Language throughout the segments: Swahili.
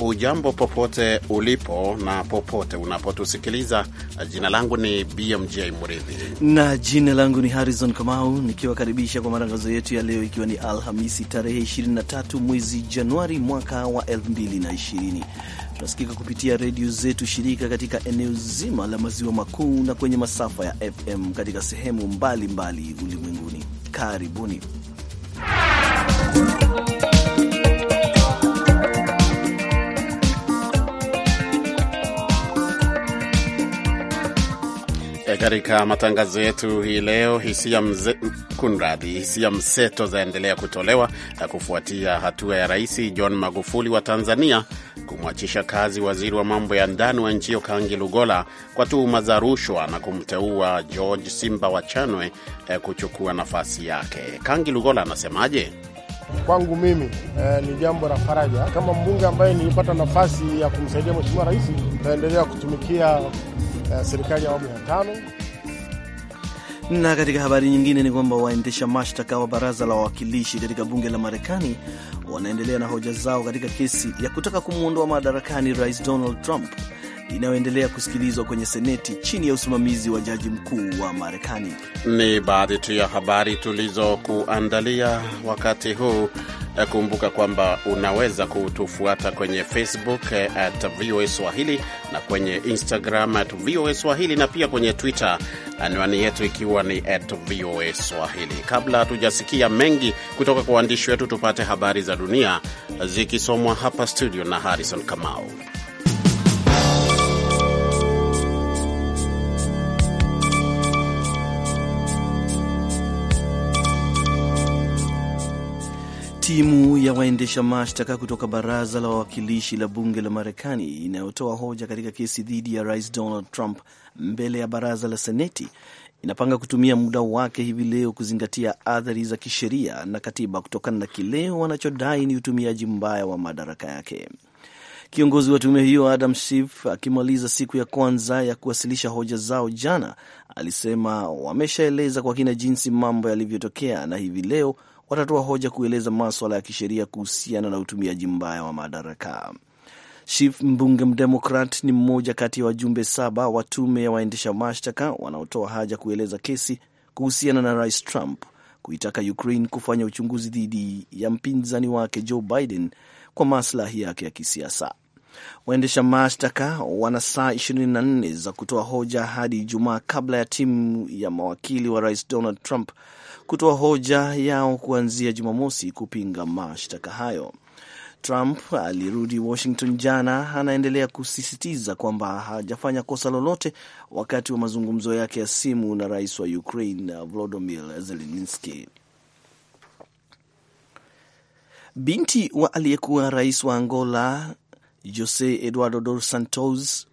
Ujambo popote ulipo na popote unapotusikiliza. Jina langu ni BMJ Mridhi na jina langu ni Harrison Kamau, nikiwakaribisha kwa matangazo yetu ya leo, ikiwa ni Alhamisi tarehe 23 mwezi Januari mwaka wa 2020. Tunasikika kupitia redio zetu shirika katika eneo zima la maziwa makuu na kwenye masafa ya FM katika sehemu mbalimbali ulimwenguni. Karibuni. katika matangazo yetu hii leo, hisia mze... kunradhi, hisia mseto zaendelea kutolewa na kufuatia hatua ya Rais John Magufuli wa Tanzania kumwachisha kazi waziri wa mambo ya ndani wa nchi hiyo Kangi Lugola kwa tuhuma za rushwa na kumteua George Simba wa Chanwe eh, kuchukua nafasi yake. Kangi Lugola anasemaje? Kwangu mimi eh, ni jambo la faraja. Kama mbunge ambaye nilipata nafasi ya kumsaidia mheshimiwa rais, nitaendelea kutumikia uh, serikali ya awamu ya tano. Na katika habari nyingine ni kwamba waendesha mashtaka wa baraza la wawakilishi katika bunge la Marekani wanaendelea na hoja zao katika kesi ya kutaka kumwondoa madarakani Rais Donald Trump inayoendelea kusikilizwa kwenye Seneti chini ya usimamizi wa jaji mkuu wa Marekani. Ni baadhi tu ya habari tulizokuandalia wakati huu. E, kumbuka kwamba unaweza kutufuata kwenye Facebook e, at VOA Swahili na kwenye Instagram at VOA Swahili na pia kwenye Twitter, anwani yetu ikiwa ni at VOA Swahili. Kabla hatujasikia mengi kutoka kwa waandishi wetu, tupate habari za dunia zikisomwa hapa studio na Harrison Kamau. Timu ya waendesha mashtaka kutoka baraza la wawakilishi la bunge la Marekani inayotoa hoja katika kesi dhidi ya rais Donald Trump mbele ya baraza la Seneti inapanga kutumia muda wake hivi leo kuzingatia athari za kisheria na katiba kutokana na kile wanachodai ni utumiaji mbaya wa madaraka yake. Kiongozi wa tume hiyo Adam Schiff akimaliza siku ya kwanza ya kuwasilisha hoja zao jana, alisema wameshaeleza kwa kina jinsi mambo yalivyotokea na hivi leo watatoa hoja kueleza maswala ya kisheria kuhusiana na utumiaji mbaya wa madaraka. Schiff, mbunge mdemokrat, ni mmoja kati ya wajumbe saba wa tume ya waendesha mashtaka wanaotoa haja kueleza kesi kuhusiana na rais Trump kuitaka Ukraine kufanya uchunguzi dhidi ya mpinzani wake Joe Biden kwa maslahi yake ya kisiasa. Waendesha mashtaka wana saa 24 za kutoa hoja hadi Ijumaa kabla ya timu ya mawakili wa rais Donald Trump kutoa hoja yao kuanzia Jumamosi kupinga mashtaka hayo. Trump alirudi Washington jana, anaendelea kusisitiza kwamba hajafanya kosa lolote wakati wa mazungumzo yake ya simu na rais wa Ukraine Volodymyr Zelensky. Binti wa aliyekuwa rais wa Angola Jose Eduardo dos Santos,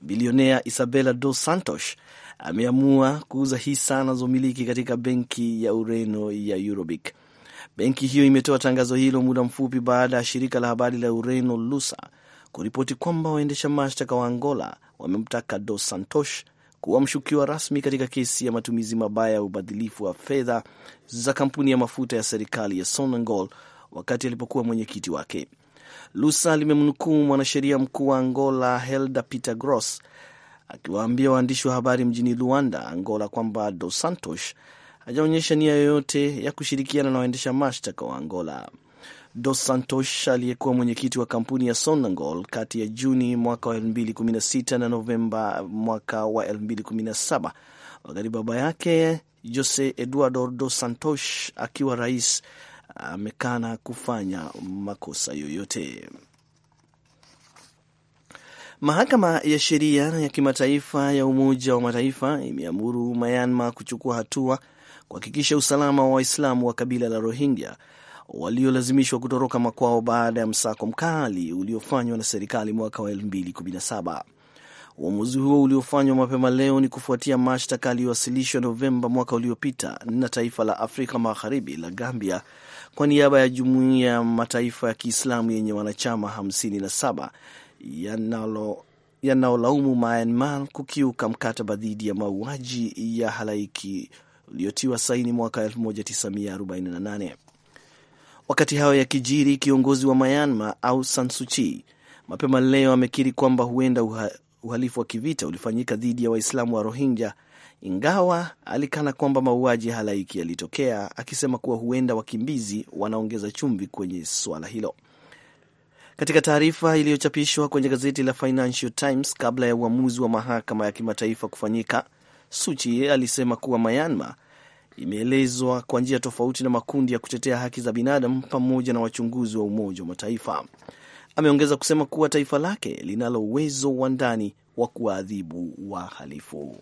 bilionea Isabela dos Santos ameamua kuuza hisa anazomiliki katika benki ya Ureno ya Eurobic. Benki hiyo imetoa tangazo hilo muda mfupi baada ya shirika la habari la Ureno Lusa kuripoti kwamba waendesha mashtaka wa Angola wamemtaka Dos Santos kuwa mshukiwa rasmi katika kesi ya matumizi mabaya ya ubadhilifu wa fedha za kampuni ya mafuta ya serikali ya Sonangol wakati alipokuwa mwenyekiti wake. Lusa limemnukuu mwanasheria mkuu wa Angola Helda Peter Gross akiwaambia waandishi wa habari mjini Luanda, Angola, kwamba Dos Santos hajaonyesha nia yoyote ya kushirikiana na waendesha mashtaka wa Angola. Dos Santos aliyekuwa mwenyekiti wa kampuni ya Sonangol kati ya Juni mwaka wa 2016 na Novemba mwaka wa 2017 wakati baba yake Jose Eduardo Dos Santos akiwa rais amekana kufanya makosa yoyote. Mahakama ya Sheria ya Kimataifa ya Umoja wa Mataifa imeamuru Myanmar kuchukua hatua kuhakikisha usalama wa Waislamu wa kabila la Rohingya waliolazimishwa kutoroka makwao baada ya msako mkali uliofanywa na serikali mwaka wa 2017. Uamuzi huo uliofanywa mapema leo ni kufuatia mashtaka aliyowasilishwa Novemba mwaka uliopita na taifa la Afrika Magharibi la Gambia kwa niaba ya Jumuiya ya Mataifa ya Kiislamu yenye wanachama 57 yanaolaumu Myanmar kukiuka mkataba dhidi ya mauaji ya halaiki uliotiwa saini mwaka 1948. Wakati hayo yakijiri, kiongozi wa Myanmar Aung San Suu Kyi mapema leo amekiri kwamba huenda uha, uhalifu wa kivita ulifanyika dhidi ya Waislamu wa Rohingya, ingawa alikana kwamba mauaji ya halaiki yalitokea, akisema kuwa huenda wakimbizi wanaongeza chumvi kwenye suala hilo. Katika taarifa iliyochapishwa kwenye gazeti la Financial Times kabla ya uamuzi wa mahakama ya kimataifa kufanyika, Suchi alisema kuwa Myanmar imeelezwa kwa njia tofauti na makundi ya kutetea haki za binadamu pamoja na wachunguzi wa Umoja wa Mataifa. Ameongeza kusema kuwa taifa lake linalo uwezo wa ndani wa kuwaadhibu wahalifu.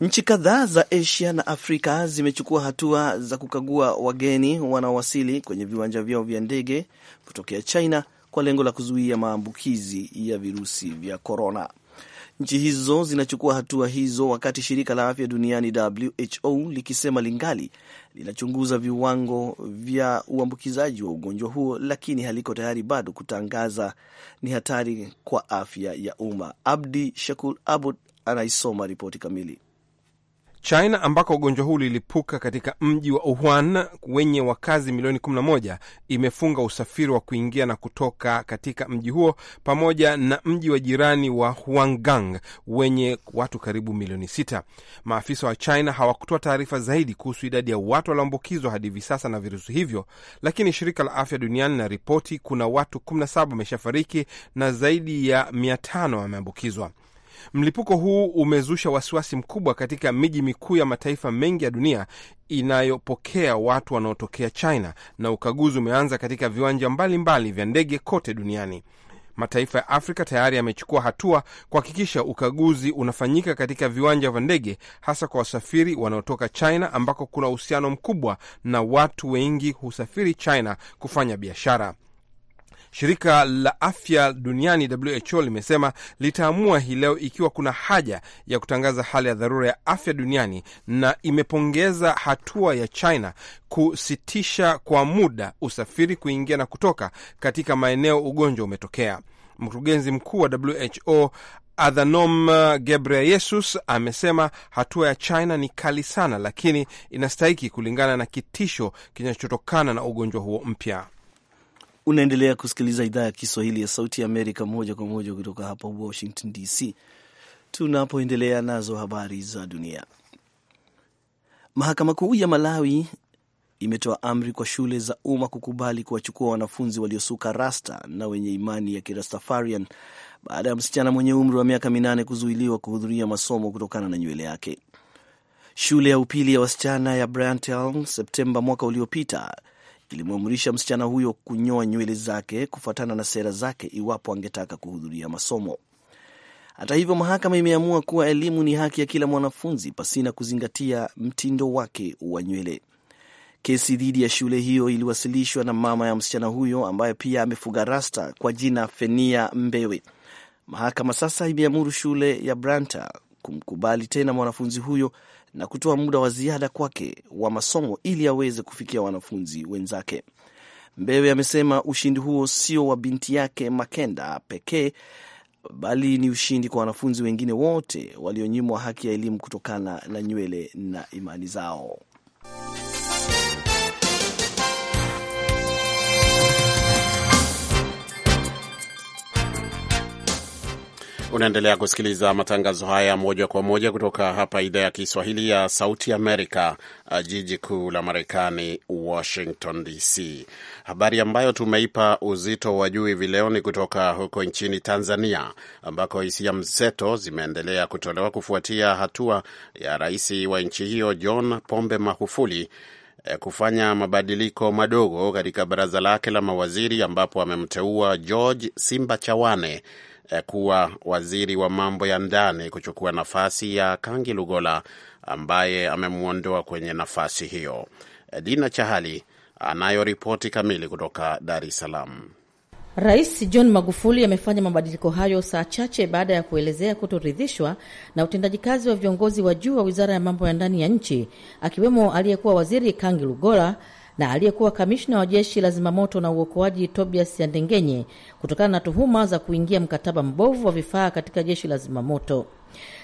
Nchi kadhaa za Asia na Afrika zimechukua hatua za kukagua wageni wanaowasili kwenye viwanja vyao vya ndege kutokea China kwa lengo la kuzuia maambukizi ya virusi vya korona. Nchi hizo zinachukua hatua hizo wakati shirika la afya duniani WHO likisema lingali linachunguza viwango vya uambukizaji wa ugonjwa huo, lakini haliko tayari bado kutangaza ni hatari kwa afya ya umma. Abdi Shakur Abud anaisoma ripoti kamili. China ambako ugonjwa huu lilipuka katika mji wa Wuhan wenye wakazi milioni 11 imefunga usafiri wa kuingia na kutoka katika mji huo pamoja na mji wa jirani wa Huanggang wenye watu karibu milioni 6. Maafisa wa China hawakutoa taarifa zaidi kuhusu idadi ya watu walioambukizwa hadi hivi sasa na virusi hivyo, lakini shirika la afya duniani na ripoti kuna watu 17 wameshafariki na zaidi ya 500 wameambukizwa. Mlipuko huu umezusha wasiwasi mkubwa katika miji mikuu ya mataifa mengi ya dunia inayopokea watu wanaotokea China, na ukaguzi umeanza katika viwanja mbalimbali vya ndege kote duniani. Mataifa ya Afrika tayari yamechukua hatua kuhakikisha ukaguzi unafanyika katika viwanja vya ndege, hasa kwa wasafiri wanaotoka China, ambako kuna uhusiano mkubwa na watu wengi husafiri China kufanya biashara. Shirika la afya duniani WHO limesema litaamua hii leo ikiwa kuna haja ya kutangaza hali ya dharura ya afya duniani, na imepongeza hatua ya China kusitisha kwa muda usafiri kuingia na kutoka katika maeneo ugonjwa umetokea. Mkurugenzi mkuu wa WHO Adhanom Ghebreyesus amesema hatua ya China ni kali sana, lakini inastahiki kulingana na kitisho kinachotokana na ugonjwa huo mpya. Unaendelea kusikiliza idhaa ya Kiswahili ya Sauti ya Amerika moja kwa moja kutoka hapa Washington DC, tunapoendelea nazo habari za dunia. Mahakama Kuu ya Malawi imetoa amri kwa shule za umma kukubali kuwachukua wanafunzi waliosuka rasta na wenye imani ya Kirastafarian baada ya msichana mwenye umri wa miaka minane kuzuiliwa kuhudhuria masomo kutokana na nywele yake. Shule ya upili ya wasichana ya Brantel Septemba mwaka uliopita kilimwamrisha msichana huyo kunyoa nywele zake kufuatana na sera zake iwapo angetaka kuhudhuria masomo. Hata hivyo, mahakama imeamua kuwa elimu ni haki ya kila mwanafunzi pasina kuzingatia mtindo wake wa nywele. Kesi dhidi ya shule hiyo iliwasilishwa na mama ya msichana huyo ambaye pia amefuga rasta kwa jina Fenia Mbewe. Mahakama sasa imeamuru shule ya Branta kumkubali tena mwanafunzi huyo na kutoa muda wa ziada kwake wa masomo ili aweze kufikia wanafunzi wenzake. Mbewe amesema ushindi huo sio wa binti yake Makenda pekee, bali ni ushindi kwa wanafunzi wengine wote walionyimwa haki ya elimu kutokana na nywele na imani zao. Unaendelea kusikiliza matangazo haya moja kwa moja kutoka hapa idhaa ya Kiswahili ya Sauti Amerika, uh, jiji kuu la Marekani, Washington DC. Habari ambayo tumeipa uzito wa juu hivi leo ni kutoka huko nchini Tanzania, ambako hisia mseto zimeendelea kutolewa kufuatia hatua ya rais wa nchi hiyo John Pombe Magufuli eh, kufanya mabadiliko madogo katika baraza lake la mawaziri ambapo amemteua George Simba Chawane Eh, kuwa waziri wa mambo ya ndani kuchukua nafasi ya Kangi Lugola ambaye amemwondoa kwenye nafasi hiyo. Eh, Dina Chahali anayo ripoti kamili kutoka Dar es Salaam. Rais John Magufuli amefanya mabadiliko hayo saa chache baada ya kuelezea kutoridhishwa na utendaji kazi wa viongozi wa juu wa wizara ya mambo ya ndani ya nchi, akiwemo aliyekuwa waziri Kangi Lugola na aliyekuwa kamishna wa jeshi la zimamoto na uokoaji Tobias Yandengenye kutokana na tuhuma za kuingia mkataba mbovu wa vifaa katika jeshi la zimamoto.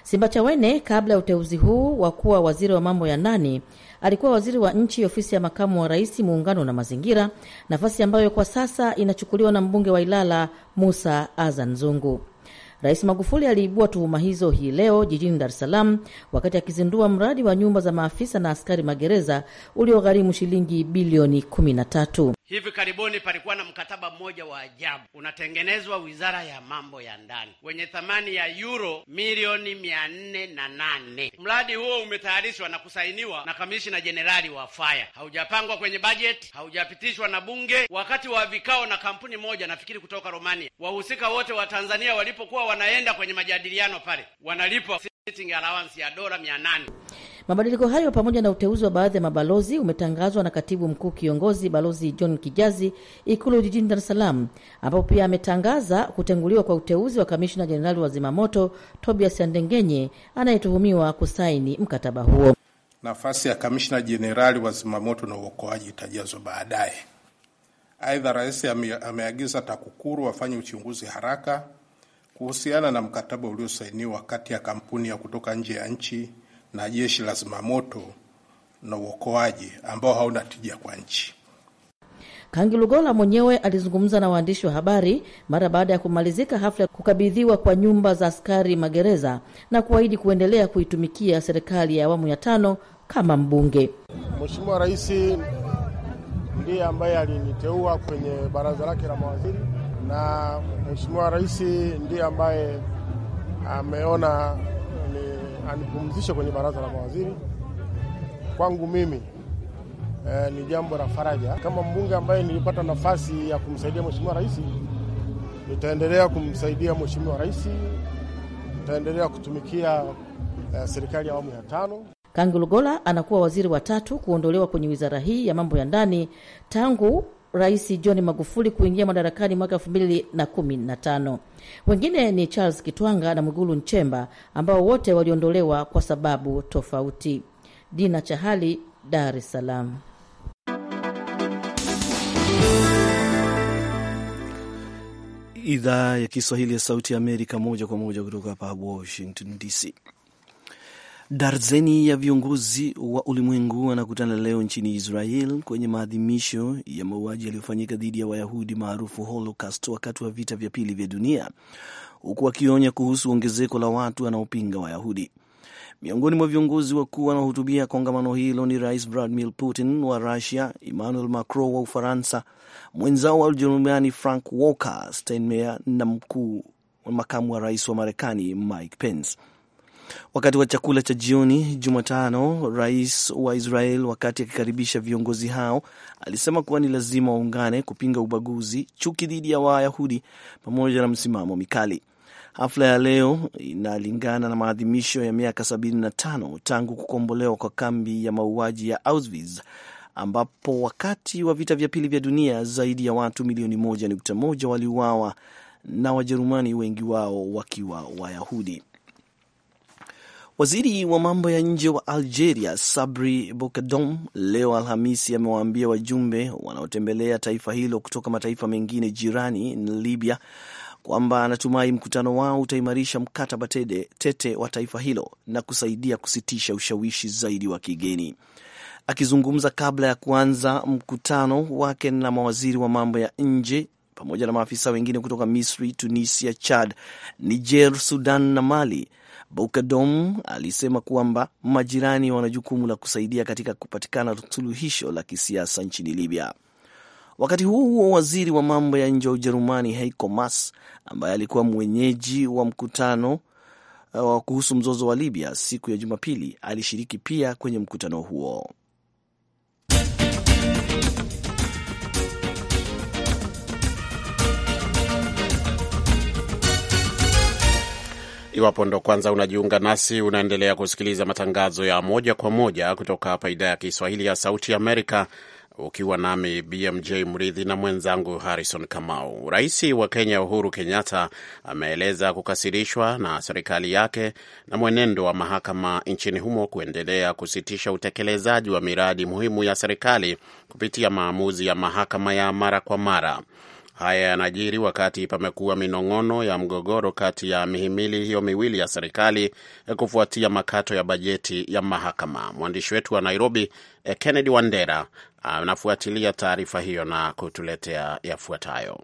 Simbachawene, kabla ya uteuzi huu wa kuwa waziri wa mambo ya ndani, alikuwa waziri wa nchi ofisi ya makamu wa rais, muungano na mazingira, nafasi ambayo kwa sasa inachukuliwa na mbunge wa Ilala Musa Azan Zungu. Rais Magufuli aliibua tuhuma hizo hii leo jijini Dar es Salaam wakati akizindua mradi wa nyumba za maafisa na askari magereza uliogharimu shilingi bilioni tatu. Hivi karibuni palikuwa na mkataba mmoja wa ajabu unatengenezwa wizara ya mambo ya ndani wenye thamani ya euro milioni mia nne na nane. Mradi huo umetayarishwa na kusainiwa na kamishina jenerali wa faya, haujapangwa kwenye bajeti, haujapitishwa na bunge wakati wa vikao na kampuni moja nafikiri kutoka Romania. Wahusika wote wa Tanzania walipokuwa wanaenda kwenye majadiliano pale wanalipwa sitting allowance ya dola mia nane. Mabadiliko hayo pamoja na uteuzi wa baadhi ya mabalozi umetangazwa na katibu mkuu kiongozi Balozi John Kijazi Ikulu jijini Dar es Salaam, ambapo pia ametangaza kutenguliwa kwa uteuzi wa kamishna jenerali wa zimamoto Tobias Andengenye anayetuhumiwa kusaini mkataba huo. Nafasi ya kamishna jenerali wa zimamoto na uokoaji itajazwa baadaye. Aidha, rais ameagiza TAKUKURU wafanye uchunguzi haraka kuhusiana na mkataba uliosainiwa kati ya kampuni ya kutoka nje ya nchi na jeshi la zimamoto na uokoaji ambao hauna tija kwa nchi. Kangi Lugola mwenyewe alizungumza na waandishi wa habari mara baada ya kumalizika hafla ya kukabidhiwa kwa nyumba za askari magereza na kuahidi kuendelea kuitumikia serikali ya awamu ya tano kama mbunge. Mheshimiwa Rais ndiye ambaye aliniteua kwenye baraza lake la mawaziri na Mheshimiwa Rais ndiye ambaye ameona anipumzishe kwenye baraza la mawaziri. Kwangu mimi eh, ni jambo la faraja. Kama mbunge ambaye nilipata nafasi ya kumsaidia mheshimiwa rais, nitaendelea kumsaidia mheshimiwa rais, nitaendelea kutumikia eh, serikali ya awamu ya tano. Kangi Lugola anakuwa waziri wa tatu kuondolewa kwenye wizara hii ya mambo ya ndani tangu Rais John Magufuli kuingia madarakani mwaka elfu mbili na kumi na tano. Wengine ni Charles Kitwanga na Mwigulu Nchemba ambao wote waliondolewa kwa sababu tofauti. Dina Chahali, Dar es Salaam. Idhaa ya Kiswahili ya Sauti ya Amerika, moja kwa moja kutoka hapa Washington DC. Darzeni ya viongozi wa ulimwengu wanakutana leo nchini Israel kwenye maadhimisho ya mauaji yaliyofanyika dhidi ya Wayahudi maarufu Holocaust wakati wa vita vya pili vya dunia, huku wakionya kuhusu ongezeko la watu wanaopinga Wayahudi. Miongoni mwa viongozi wakuu wanaohutubia kongamano hilo ni Rais Vladimir Putin wa Russia, Emmanuel Macron wa Ufaransa, mwenzao wa Ujerumani Frank Walker Steinmeier na mkuu makamu wa rais wa Marekani Mike Pence. Wakati wa chakula cha jioni Jumatano, rais wa Israel wakati akikaribisha viongozi hao alisema kuwa ni lazima waungane kupinga ubaguzi, chuki dhidi ya Wayahudi pamoja na msimamo mikali. Hafla ya leo inalingana na maadhimisho ya miaka 75 tangu kukombolewa kwa kambi ya mauaji ya Auschwitz, ambapo wakati wa vita vya pili vya dunia zaidi ya watu milioni moja nukta moja waliuawa na Wajerumani, wengi wao wakiwa Wayahudi. Waziri wa mambo ya nje wa Algeria Sabri Bokadom leo Alhamisi amewaambia wajumbe wanaotembelea taifa hilo kutoka mataifa mengine jirani na Libya kwamba anatumai mkutano wao utaimarisha mkataba tete wa taifa hilo na kusaidia kusitisha ushawishi zaidi wa kigeni. Akizungumza kabla ya kuanza mkutano wake na mawaziri wa mambo ya nje pamoja na maafisa wengine kutoka Misri, Tunisia, Chad, Niger, Sudan na Mali. Bukedom alisema kwamba majirani wana jukumu la kusaidia katika kupatikana suluhisho la kisiasa nchini Libya. Wakati huo huo, waziri wa mambo ya nje wa Ujerumani Heiko Maas, ambaye alikuwa mwenyeji wa mkutano uh, kuhusu mzozo wa Libya siku ya Jumapili, alishiriki pia kwenye mkutano huo. Iwapo ndo kwanza unajiunga nasi, unaendelea kusikiliza matangazo ya moja kwa moja kutoka hapa idhaa ya Kiswahili ya Sauti ya Amerika, ukiwa nami BMJ Mridhi na mwenzangu Harrison Kamau. Rais wa Kenya Uhuru Kenyatta ameeleza kukasirishwa na serikali yake na mwenendo wa mahakama nchini humo kuendelea kusitisha utekelezaji wa miradi muhimu ya serikali kupitia maamuzi ya mahakama ya mara kwa mara. Haya yanajiri wakati pamekuwa minong'ono ya mgogoro kati ya mihimili hiyo miwili ya serikali eh, kufuatia makato ya bajeti ya mahakama. Mwandishi wetu wa Nairobi, eh, Kennedy Wandera, ah, anafuatilia taarifa hiyo na kutuletea yafuatayo.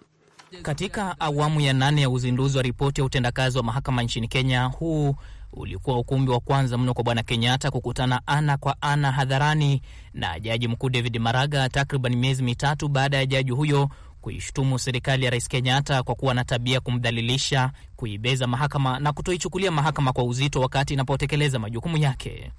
Katika awamu ya nane ya uzinduzi wa ripoti ya utendakazi wa mahakama nchini Kenya, huu ulikuwa ukumbi wa kwanza mno kwa Bwana Kenyatta kukutana ana kwa ana hadharani na jaji mkuu David Maraga, takriban miezi mitatu baada ya jaji huyo kuishtumu serikali ya Rais Kenyatta kwa kuwa na tabia kumdhalilisha, kuibeza mahakama na kutoichukulia mahakama kwa uzito wakati inapotekeleza majukumu yake.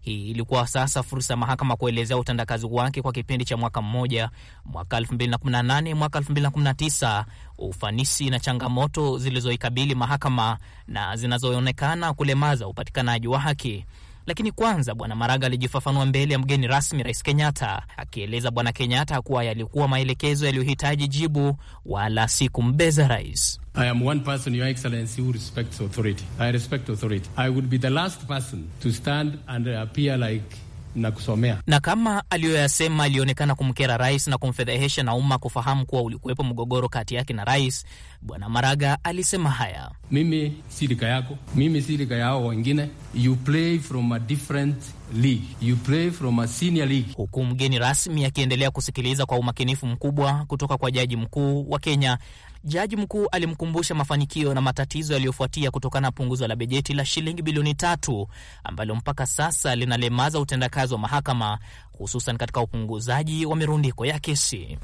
Hii ilikuwa sasa fursa ya mahakama kuelezea utendakazi wake kwa kipindi cha mwaka mmoja, mwaka 2018 mwaka 2019, ufanisi na changamoto zilizoikabili mahakama na zinazoonekana kulemaza upatikanaji wa haki. Lakini kwanza Bwana Maraga alijifafanua mbele ya mgeni rasmi Rais Kenyatta, akieleza Bwana Kenyatta kuwa yalikuwa maelekezo yaliyohitaji jibu, wala si kumbeza rais. I am one person, Your Excellency, who respects authority. I respect authority. I would be the last person to stand and appear like na kusomea. Na kama aliyoyasema alionekana kumkera rais na kumfedhehesha na umma kufahamu kuwa ulikuwepo mgogoro kati yake na rais, Bwana Maraga alisema haya: mimi si rika yako, mimi si rika yao wengine, you play from a different league, you play from a senior league. Huku mgeni rasmi akiendelea kusikiliza kwa umakinifu mkubwa kutoka kwa jaji mkuu wa Kenya Jaji mkuu alimkumbusha mafanikio na matatizo yaliyofuatia kutokana na punguzo la bajeti la shilingi bilioni tatu ambalo mpaka sasa linalemaza utendakazi wa mahakama hususan katika upunguzaji wa mirundiko ya kesi.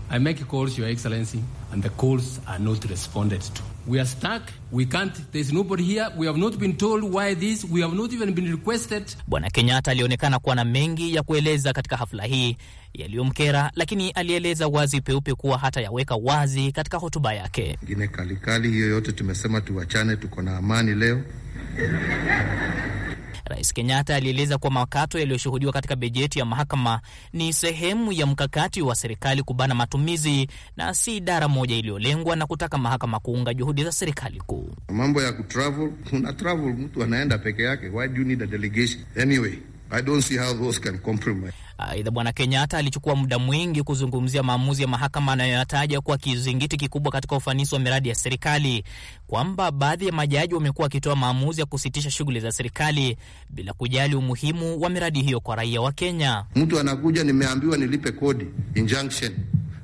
Bwana Kenyatta alionekana kuwa na mengi ya kueleza katika hafla hii yaliyomkera, lakini alieleza wazi peupe kuwa hata yaweka wazi katika hotuba yake. Ingine kalikali hiyo yote tumesema tuwachane, tuko na amani leo Rais Kenyatta alieleza kuwa makato yaliyoshuhudiwa katika bajeti ya mahakama ni sehemu ya mkakati wa serikali kubana matumizi na si idara moja iliyolengwa, na kutaka mahakama kuunga juhudi za serikali kuu. Mambo ya kutravel, travel, mtu anaenda peke yake, why do you need a delegation anyway? I don't see how those can compromise. Aidha, uh, bwana Kenyatta alichukua muda mwingi kuzungumzia maamuzi ya mahakama anayoyataja kuwa kizingiti kikubwa katika ufanisi wa miradi ya serikali, kwamba baadhi ya majaji wamekuwa wakitoa maamuzi ya kusitisha shughuli za serikali bila kujali umuhimu wa miradi hiyo kwa raia wa Kenya. Mtu anakuja, nimeambiwa nilipe kodi, injunction,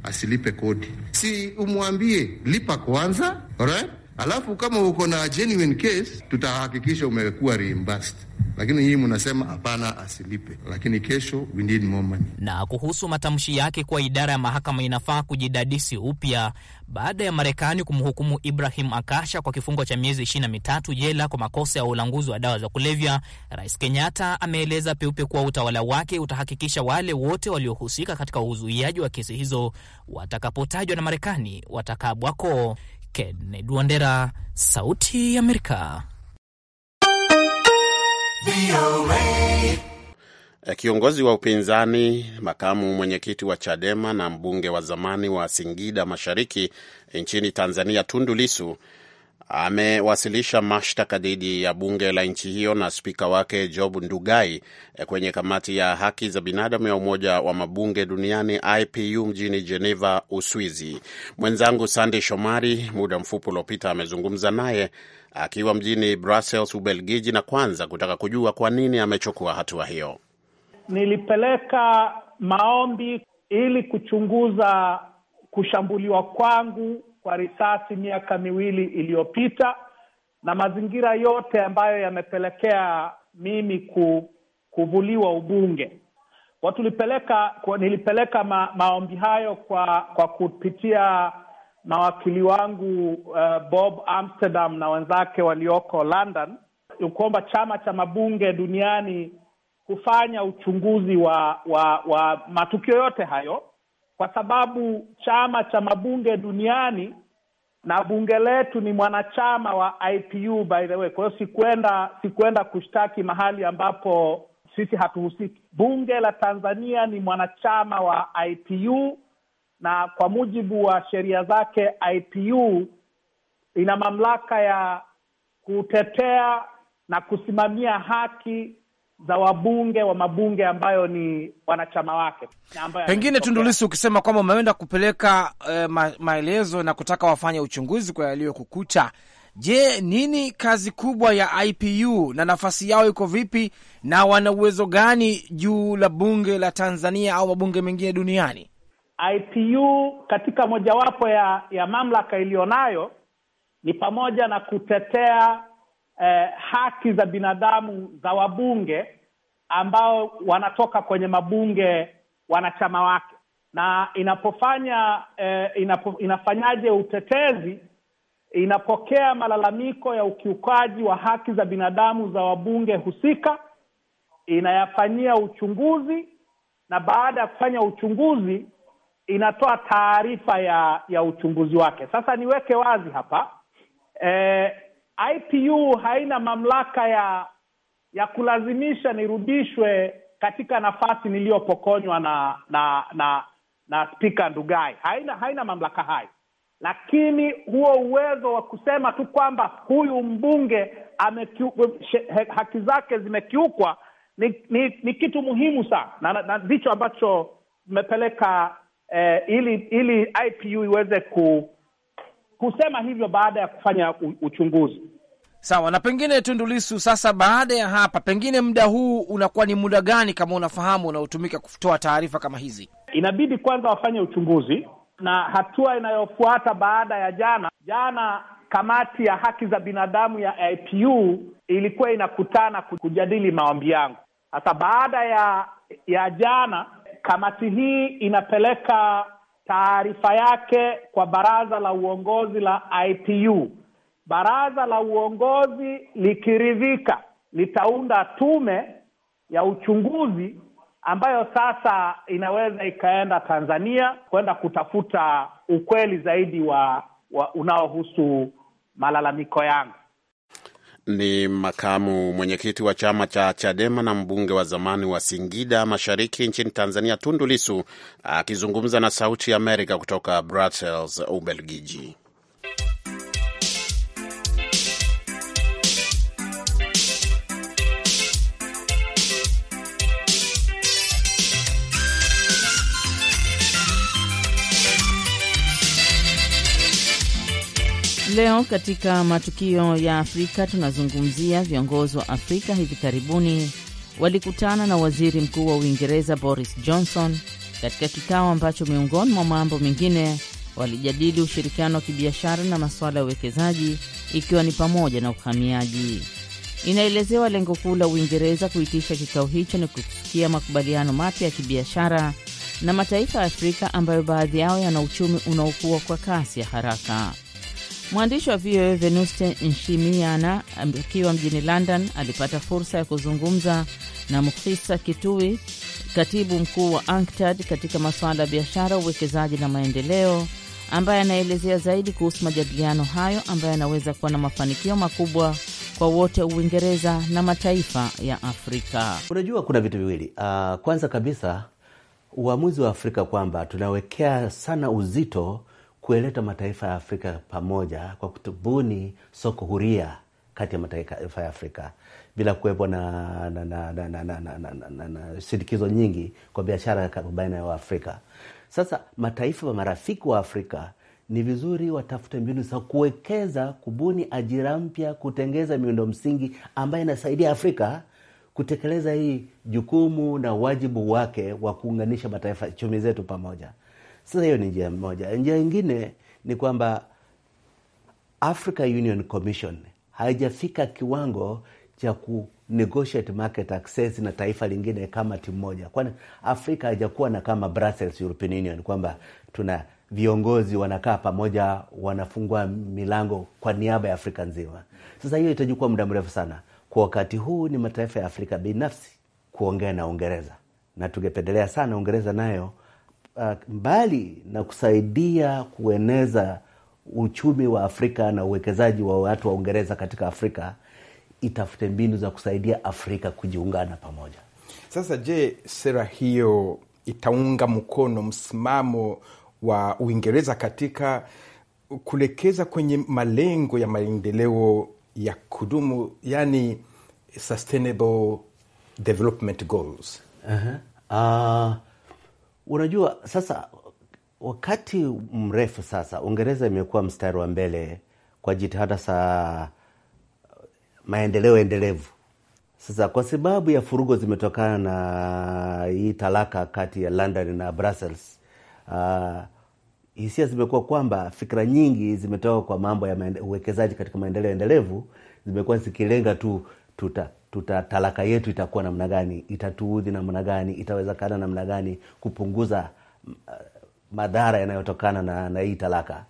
asilipe kodi, si umwambie lipa kwanza, alright? alafu kama uko na genuine case tutahakikisha umekuwa reimbursed, lakini hii mnasema hapana, asilipe, lakini kesho we need more money. Na kuhusu matamshi yake kuwa idara ya mahakama inafaa kujidadisi upya baada ya Marekani kumhukumu Ibrahim Akasha kwa kifungo cha miezi ishirini na mitatu jela kwa makosa ya ulanguzi wa dawa za kulevya, Rais Kenyatta ameeleza peupe kuwa utawala wake utahakikisha wale wote waliohusika katika uzuiaji wa kesi hizo watakapotajwa na Marekani watakabwako. Kennedy Wandera, Sauti ya Amerika. Eh, kiongozi wa upinzani, makamu mwenyekiti wa Chadema na mbunge wa zamani wa Singida Mashariki nchini Tanzania, Tundu Lisu amewasilisha mashtaka dhidi ya bunge la nchi hiyo na spika wake Job Ndugai eh, kwenye kamati ya haki za binadamu ya Umoja wa Mabunge Duniani, IPU, mjini Geneva, Uswizi. Mwenzangu Sande Shomari muda mfupi uliopita amezungumza naye akiwa mjini Brussels, Ubelgiji, na kwanza kutaka kujua kwa nini amechukua hatua hiyo. Nilipeleka maombi ili kuchunguza kushambuliwa kwangu kwa risasi miaka miwili iliyopita, na mazingira yote ambayo yamepelekea mimi ku, kuvuliwa ubunge kwa tulipeleka kwa, nilipeleka ma, maombi hayo kwa kwa kupitia mawakili wangu uh, Bob Amsterdam na wenzake walioko London kuomba chama cha mabunge duniani kufanya uchunguzi wa wa, wa matukio yote hayo kwa sababu chama cha mabunge duniani na bunge letu ni mwanachama wa IPU by the way. Kwa hiyo sikwenda sikwenda kushtaki mahali ambapo sisi hatuhusiki. Bunge la Tanzania ni mwanachama wa IPU na kwa mujibu wa sheria zake IPU ina mamlaka ya kutetea na kusimamia haki za wabunge wa mabunge ambayo ni wanachama wake. Pengine tundulisi ukisema kwamba umeenda kupeleka eh, ma, maelezo na kutaka wafanye uchunguzi kwa yaliyokukuta, je, nini kazi kubwa ya IPU na nafasi yao iko vipi na wana uwezo gani juu la bunge la Tanzania au mabunge mengine duniani? IPU katika mojawapo ya, ya mamlaka iliyonayo ni pamoja na kutetea eh, haki za binadamu za wabunge ambao wanatoka kwenye mabunge wanachama wake, na inapofanya eh, inapo, inafanyaje utetezi, inapokea malalamiko ya ukiukaji wa haki za binadamu za wabunge husika, inayafanyia uchunguzi, na baada ya kufanya uchunguzi inatoa taarifa ya ya uchunguzi wake. Sasa niweke wazi hapa eh, IPU haina mamlaka ya ya kulazimisha nirudishwe katika nafasi niliyopokonywa na na na na spika Ndugai. Haina haina mamlaka hayo, lakini huo uwezo wa kusema tu kwamba huyu mbunge haki zake zimekiukwa ni, ni, ni kitu muhimu sana na ndicho ambacho mmepeleka eh, ili ili IPU iweze ku kusema hivyo baada ya kufanya uchunguzi. Sawa. Na pengine Tundu Lissu, sasa baada ya hapa, pengine muda huu unakuwa ni muda gani, kama unafahamu, unaotumika kutoa taarifa kama hizi? Inabidi kwanza wafanye uchunguzi, na hatua inayofuata baada ya jana jana Kamati ya haki za binadamu ya IPU ilikuwa inakutana kujadili maombi yangu. Sasa baada ya ya jana, kamati hii inapeleka taarifa yake kwa baraza la uongozi la IPU. Baraza la uongozi likiridhika, litaunda tume ya uchunguzi ambayo sasa inaweza ikaenda Tanzania kwenda kutafuta ukweli zaidi wa, wa unaohusu malalamiko yangu ni makamu mwenyekiti wa chama cha Chadema na mbunge wa zamani wa Singida Mashariki nchini Tanzania, Tundu Lisu akizungumza na Sauti ya Amerika kutoka Brussels, Ubelgiji. Leo katika matukio ya Afrika tunazungumzia viongozi wa Afrika hivi karibuni walikutana na waziri mkuu wa Uingereza Boris Johnson katika kikao ambacho miongoni mwa mambo mengine walijadili ushirikiano wa kibiashara na masuala ya uwekezaji ikiwa ni pamoja na uhamiaji. Inaelezewa lengo kuu la Uingereza kuitisha kikao hicho ni kufikia makubaliano mapya ya kibiashara na mataifa ya Afrika ambayo baadhi yao yana uchumi unaokua kwa kasi ya haraka. Mwandishi wa VOA Venuste Nshimiana akiwa mjini London alipata fursa ya kuzungumza na Mukhisa Kitui, katibu mkuu wa UNCTAD katika masuala ya biashara, uwekezaji na maendeleo, ambaye anaelezea zaidi kuhusu majadiliano hayo ambayo yanaweza kuwa na mafanikio makubwa kwa wote Uingereza na mataifa ya Afrika. Unajua, kuna vitu viwili. Uh, kwanza kabisa uamuzi wa Afrika kwamba tunawekea sana uzito kuleta mataifa ya Afrika pamoja kwa kutubuni soko huria kati ya mataifa ya Afrika bila kuwepo na, na, na, na, na, na, na, na, na sindikizo nyingi kwa biashara baina ya Waafrika. Sasa mataifa wa marafiki wa Afrika ni vizuri watafute mbinu za kuwekeza, kubuni ajira mpya, kutengeza miundo msingi ambayo inasaidia Afrika kutekeleza hii jukumu na wajibu wake wa kuunganisha mataifa chumi zetu pamoja. Sasa hiyo ni njia moja. Njia ingine ni kwamba Africa Union Commission haijafika kiwango cha ku negotiate market access na taifa lingine kama timu moja, kwani Afrika haijakuwa na kama Brussels European Union kwamba tuna viongozi wanakaa pamoja wanafungua milango kwa niaba ya Afrika nzima. Sasa hiyo itajukua muda mrefu sana. Kwa wakati huu ni mataifa ya Afrika binafsi kuongea na Uingereza, na tungependelea sana Uingereza nayo uh, mbali na kusaidia kueneza uchumi wa Afrika na uwekezaji wa watu wa Uingereza katika Afrika, itafute mbinu za kusaidia Afrika kujiungana pamoja. Sasa je, sera hiyo itaunga mkono msimamo wa Uingereza katika kulekeza kwenye malengo ya maendeleo ya kudumu, yani sustainable development goals? Uh-huh. Uh, Unajua, sasa wakati mrefu sasa Uingereza imekuwa mstari wa mbele kwa jitihada za maendeleo endelevu. Sasa kwa sababu ya furugo zimetokana na hii talaka kati ya London na Brussels, uh, hisia zimekuwa kwamba fikra nyingi zimetoka kwa mambo ya uwekezaji katika maendeleo endelevu zimekuwa zikilenga tu tuta tuta talaka yetu itakuwa namna gani, itatuudhi namna gani, itawezekana namna gani kupunguza uh, madhara yanayotokana na, na hii talaka.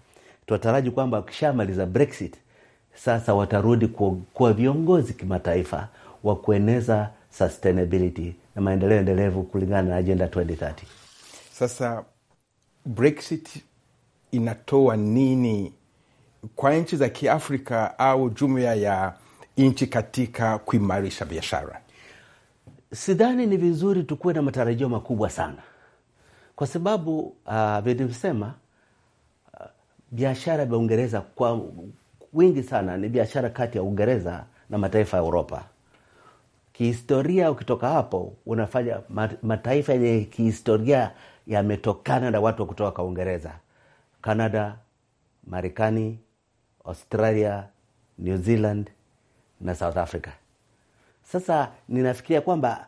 Tunataraji kwamba wakishamaliza Brexit sasa watarudi kuwa viongozi kimataifa wa kueneza sustainability na maendeleo endelevu kulingana na Agenda 2030. Sasa Brexit inatoa nini kwa nchi za Kiafrika au jumuiya ya nchi katika kuimarisha biashara? Sidhani ni vizuri tukuwe na matarajio makubwa sana, kwa sababu uh, ah, vilivyosema uh, ah, biashara vya Uingereza kwa wingi sana ni biashara kati ya Uingereza na mataifa ya Uropa. Kihistoria, ukitoka hapo unafanya mataifa yenye kihistoria yametokana na watu wa kutoka Uingereza: Canada, Marekani, Australia, New Zealand na South Africa. Sasa ninafikiria kwamba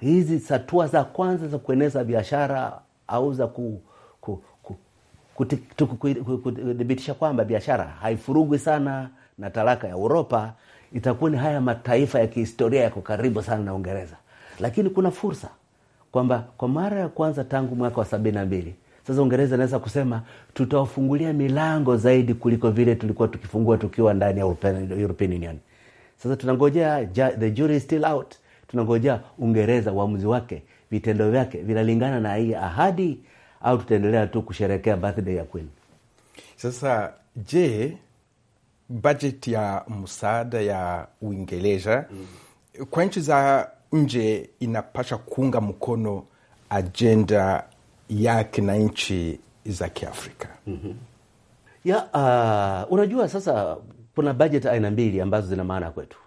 hizi hatua za kwanza za kueneza biashara au za ku, ku, ku, kuthibitisha kwamba biashara haifurugwi sana na talaka ya Uropa itakuwa ni haya mataifa ya kihistoria yako karibu sana na Uingereza, lakini kuna fursa kwamba kwa mara ya kwanza tangu mwaka wa sabini na mbili sasa Uingereza inaweza kusema tutawafungulia milango zaidi kuliko vile tulikuwa tukifungua tukiwa ndani ya European Union. Sasa tunangojea the jury is still out, tunangojea Uingereza uamuzi wake, vitendo vyake vinalingana na hii ahadi au tutaendelea tu kusherekea birthday ya Queen. Sasa je, bajeti ya msaada ya Uingereza mm, kwa nchi za nje inapasha kuunga mkono ajenda yake na nchi za Kiafrika? mm -hmm. ya uh, unajua sasa kuna bajeti aina mbili ambazo zina maana kwetu.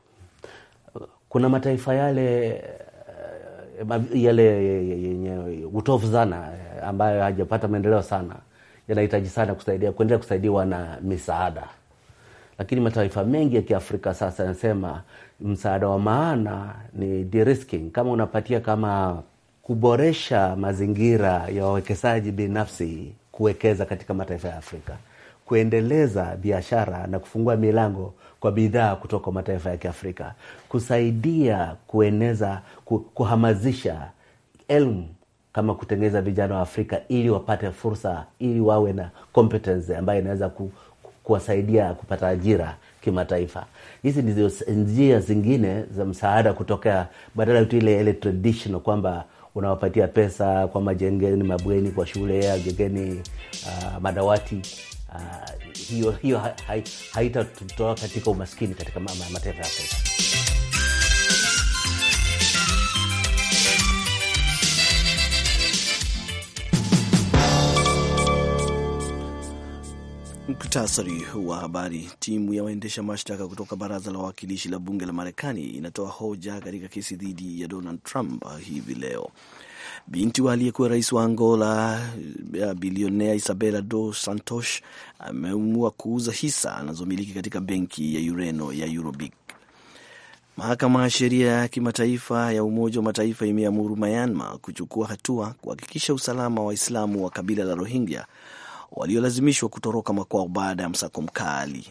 Kuna mataifa yale eh, yale yenye utofu sana eh, ambayo hajapata maendeleo sana, yanahitaji sana kusaidia kuendelea kusaidiwa na misaada, lakini mataifa mengi ya Kiafrika sasa yanasema msaada wa maana ni de-risking, kama unapatia kama kuboresha mazingira ya wawekezaji binafsi kuwekeza katika mataifa ya Afrika kuendeleza biashara na kufungua milango kwa bidhaa kutoka mataifa ya Kiafrika, kusaidia kueneza, kuhamazisha elimu kama kutengeneza vijana wa Afrika ili wapate fursa, ili wawe na competence ambayo inaweza ku, kuwasaidia kupata ajira kimataifa. Hizi ndizo njia zingine za msaada kutokea, badala tu ile ile traditional kwamba unawapatia pesa kwa majengeni mabweni kwa shule, jengeni uh, ah, madawati uh, hiyo, hiyo ha, ha, haitatutoa katika umaskini katika mataifa ya Afrika. Muktasari wa habari. Timu ya waendesha mashtaka kutoka baraza la wawakilishi la bunge la Marekani inatoa hoja katika kesi dhidi ya Donald Trump hivi leo. Binti wa aliyekuwa rais wa Angola eh, bilionea Isabela do Santos ameamua kuuza hisa anazomiliki katika benki ya Ureno ya Eurobic. Mahakama ya Sheria ya Kimataifa ya Umoja wa Mataifa imeamuru Myanmar kuchukua hatua kuhakikisha usalama wa Waislamu wa kabila la Rohingya waliolazimishwa kutoroka makwao baada ya msako mkali.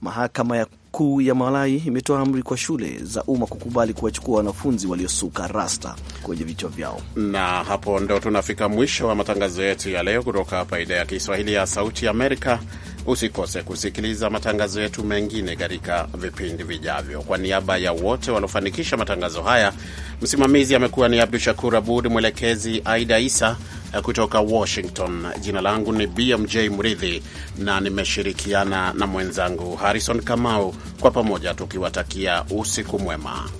Mahakama ya kuu ya malai imetoa amri kwa shule za umma kukubali kuwachukua wanafunzi waliosuka rasta kwenye vichwa vyao. Na hapo ndo tunafika mwisho wa matangazo yetu ya leo kutoka hapa idhaa ya Kiswahili ya Sauti Amerika. Usikose kusikiliza matangazo yetu mengine katika vipindi vijavyo. Kwa niaba ya wote waliofanikisha matangazo haya, msimamizi amekuwa ni Abdu Shakur Abud, mwelekezi Aida Isa. Eh, kutoka Washington. Jina langu ni BMJ Mridhi na nimeshirikiana na mwenzangu Harrison Kamau, kwa pamoja tukiwatakia usiku mwema.